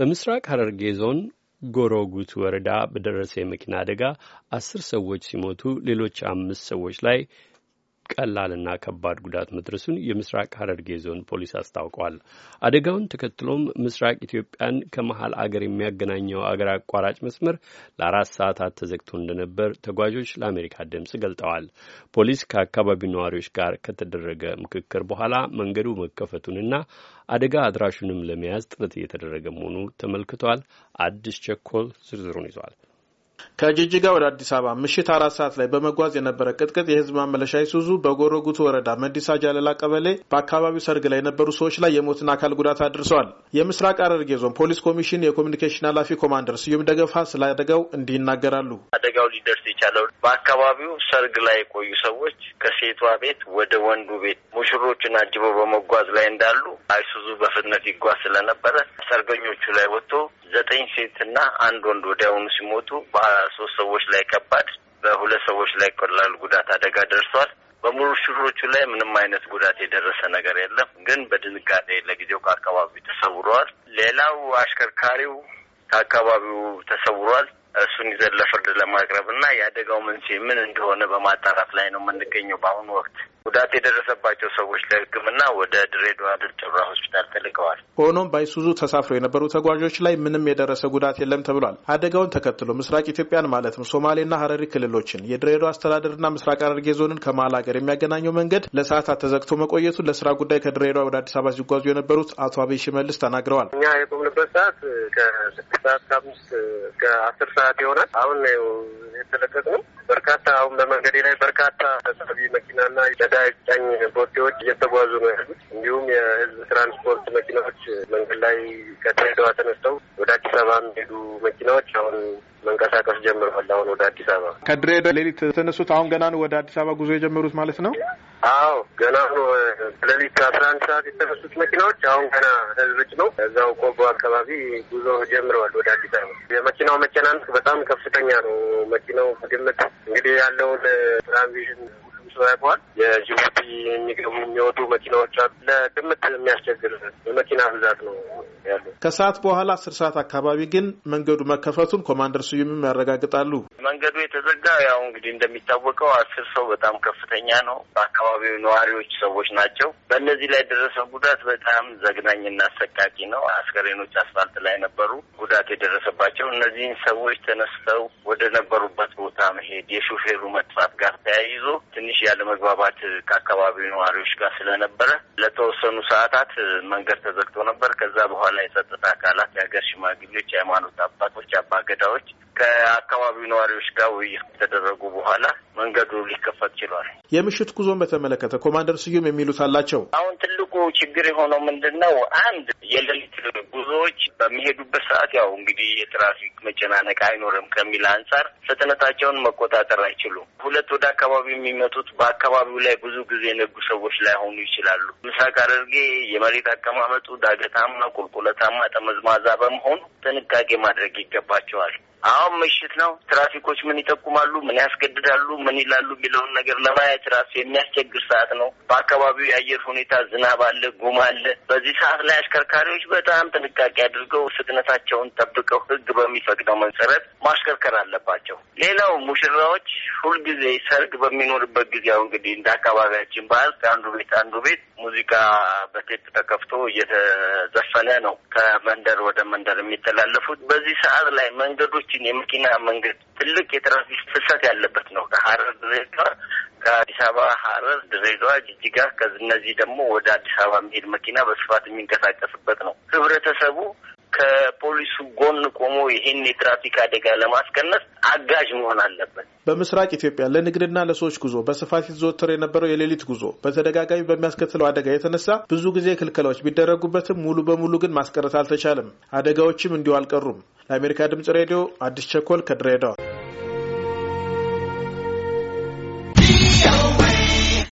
በምስራቅ ሐረርጌ ዞን ጎሮጉት ወረዳ በደረሰ የመኪና አደጋ አስር ሰዎች ሲሞቱ ሌሎች አምስት ሰዎች ላይ ቀላልና ከባድ ጉዳት መድረሱን የምስራቅ ሐረርጌ ዞን ፖሊስ አስታውቋል። አደጋውን ተከትሎም ምስራቅ ኢትዮጵያን ከመሀል አገር የሚያገናኘው አገር አቋራጭ መስመር ለአራት ሰዓታት ተዘግቶ እንደነበር ተጓዦች ለአሜሪካ ድምፅ ገልጠዋል። ፖሊስ ከአካባቢው ነዋሪዎች ጋር ከተደረገ ምክክር በኋላ መንገዱ መከፈቱንና አደጋ አድራሹንም ለመያዝ ጥረት እየተደረገ መሆኑ ተመልክቷል። አዲስ ቸኮል ዝርዝሩን ይዟል። ከጅጅጋ ወደ አዲስ አበባ ምሽት አራት ሰዓት ላይ በመጓዝ የነበረ ቅጥቅጥ የህዝብ ማመለሻ ይሱዙ በጎረጉቱ ወረዳ መዲሳ ጃለላ ቀበሌ በአካባቢው ሰርግ ላይ የነበሩ ሰዎች ላይ የሞትና አካል ጉዳት አድርሰዋል። የምስራቅ ሐረርጌ ዞን ፖሊስ ኮሚሽን የኮሚኒኬሽን ኃላፊ ኮማንደር ስዩም ደገፋ ስለ አደጋው እንዲህ ይናገራሉ። አደጋው ሊደርስ የቻለው በአካባቢው ሰርግ ላይ የቆዩ ሰዎች ከሴቷ ቤት ወደ ወንዱ ቤት ሙሽሮችን አጅበው በመጓዝ ላይ እንዳሉ አይሱዙ በፍጥነት ይጓዝ ስለነበረ ሰርገኞቹ ላይ ወጥቶ ዘጠኝ ሴትና አንድ ወንድ ወዲያውኑ ሲሞቱ ሶስት ሰዎች ላይ ከባድ፣ በሁለት ሰዎች ላይ ቀላል ጉዳት አደጋ ደርሷል። በሙሉ ሹፌሮቹ ላይ ምንም አይነት ጉዳት የደረሰ ነገር የለም፣ ግን በድንጋጤ ለጊዜው ከአካባቢው ተሰውረዋል። ሌላው አሽከርካሪው ከአካባቢው ተሰውሯል። እሱን ይዘን ለፍርድ ለማቅረብ እና የአደጋው መንስኤ ምን እንደሆነ በማጣራት ላይ ነው የምንገኘው በአሁኑ ወቅት። ጉዳት የደረሰባቸው ሰዎች ለሕክምና ወደ ድሬዳዋ ድል ጮራ ሆስፒታል ተልከዋል። ሆኖም ባይሱዙ ተሳፍረው የነበሩ ተጓዦች ላይ ምንም የደረሰ ጉዳት የለም ተብሏል። አደጋውን ተከትሎ ምስራቅ ኢትዮጵያን ማለትም ሶማሌና ሀረሪ ክልሎችን የድሬዳዋ አስተዳደርና ምስራቅ ሐረርጌ ዞንን ከመሀል ሀገር የሚያገናኘው መንገድ ለሰዓታት ተዘግቶ መቆየቱን ለስራ ጉዳይ ከድሬዳዋ ወደ አዲስ አበባ ሲጓዙ የነበሩት አቶ አብይ ሽመልስ ተናግረዋል። እኛ የቆምንበት ሰዓት ከስድስት ሰዓት ከአምስት ከአስር ሰዓት ይሆናል። አሁን የተለቀቅ ነው በርካታ አሁን በመንገዴ ላይ በርካታ ተሳቢ መኪናና ነዳጅ ጫኝ ቦቴዎች እየተጓዙ ነው ያሉት። እንዲሁም የህዝብ ትራንስፖርት መኪናዎች መንገድ ላይ ከድሬዳዋ ተነስተው ወደ አዲስ አበባ የሚሄዱ መኪናዎች አሁን መንቀሳቀስ ጀምረዋል። አሁን ወደ አዲስ አበባ ከድሬዳዋ ሌሊት ተነሱት። አሁን ገና ነው ወደ አዲስ አበባ ጉዞ የጀመሩት ማለት ነው? አዎ ገና ነው። ሌሊት አስራ አንድ ሰዓት የተነሱት መኪናዎች አሁን ገና ህዝብ ነው እዛው ቆቦ አካባቢ ጉዞ ጀምረዋል ወደ አዲስ አበባ። የመኪናው መጨናነቅ በጣም ከፍተኛ ነው። መኪናው ግምት እንግዲህ ያለውን ትራንዚሽን ያውቀዋል። የጅቡቲ የሚገቡ የሚወጡ መኪናዎች አሉ። ለግምት የሚያስቸግር የመኪና ብዛት ነው ያለው። ከሰዓት በኋላ አስር ሰዓት አካባቢ ግን መንገዱ መከፈቱን ኮማንደር ስዩምም ያረጋግጣሉ። መንገዱ የተዘጋ ያው እንግዲህ እንደሚታወቀው አስር ሰው በጣም ከፍተኛ ነው። በአካባቢው ነዋሪዎች ሰዎች ናቸው። በእነዚህ ላይ የደረሰው ጉዳት በጣም ዘግናኝና አሰቃቂ ነው። አስከሬኖች አስፋልት ላይ ነበሩ ጉዳት የደረሰባቸው። እነዚህን ሰዎች ተነስተው ወደ ነበሩበት ቦታ መሄድ የሹፌሩ መጥፋት ጋር ተያይዞ ትንሽ ያለመግባባት ከአካባቢው ነዋሪዎች ጋር ስለነበረ ለተወሰኑ ሰዓታት መንገድ ተዘግቶ ነበር። ከዛ በኋላ የጸጥታ አካላት፣ የሀገር ሽማግሌዎች፣ የሃይማኖት አባቶች፣ አባገዳዎች ከአካባቢው ነዋሪዎች ጋር ውይይት ከተደረጉ በኋላ መንገዱ ሊከፈት ችሏል። የምሽት ጉዞን በተመለከተ ኮማንደር ስዩም የሚሉት አላቸው። ችግር የሆነው ምንድን ነው? አንድ የሌሊት ጉዞዎች በሚሄዱበት ሰዓት ያው እንግዲህ የትራፊክ መጨናነቅ አይኖርም ከሚል አንጻር ፍጥነታቸውን መቆጣጠር አይችሉም። ሁለት ወደ አካባቢ የሚመጡት በአካባቢው ላይ ብዙ ጊዜ የነጉ ሰዎች ላይሆኑ ይችላሉ። ምስራቅ ሐረርጌ የመሬት አቀማመጡ ዳገታማ፣ ቁልቁለታማ፣ ጠመዝማዛ በመሆኑ ጥንቃቄ ማድረግ ይገባቸዋል። አሁን ምሽት ነው። ትራፊኮች ምን ይጠቁማሉ፣ ምን ያስገድዳሉ፣ ምን ይላሉ የሚለውን ነገር ለማየት ራሱ የሚያስቸግር ሰዓት ነው። በአካባቢው የአየር ሁኔታ ዝናብ አለ፣ ጉም አለ። በዚህ ሰዓት ላይ አሽከርካሪዎች በጣም ጥንቃቄ አድርገው ፍጥነታቸውን ጠብቀው ሕግ በሚፈቅደው መሰረት ማሽከርከር አለባቸው። ሌላው ሙሽራዎች ሁልጊዜ ሰርግ በሚኖርበት ጊዜ ያው እንግዲህ እንደ አካባቢያችን ባህል አንዱ ቤት አንዱ ቤት ሙዚቃ በቴፕ ተከፍቶ እየተዘፈነ ነው ከመንደር ወደ መንደር የሚተላለፉት። በዚህ ሰዓት ላይ መንገዶች ረጅም የመኪና መንገድ ትልቅ የትራፊክ ፍሰት ያለበት ነው። ከሀረር ድሬዳዋ፣ ከአዲስ አበባ ሀረር፣ ድሬዳዋ፣ ጅጅጋ ከእነዚህ ደግሞ ወደ አዲስ አበባ የሚሄድ መኪና በስፋት የሚንቀሳቀስበት ነው። ህብረተሰቡ ከፖሊሱ ጎን ቆሞ ይህን የትራፊክ አደጋ ለማስቀነስ አጋዥ መሆን አለበት። በምስራቅ ኢትዮጵያ ለንግድና ለሰዎች ጉዞ በስፋት ሲዘወተር የነበረው የሌሊት ጉዞ በተደጋጋሚ በሚያስከትለው አደጋ የተነሳ ብዙ ጊዜ ክልከላዎች ቢደረጉበትም ሙሉ በሙሉ ግን ማስቀረት አልተቻለም። አደጋዎችም እንዲሁ አልቀሩም። ለአሜሪካ ድምጽ ሬዲዮ አዲስ ቸኮል ከድሬዳዋ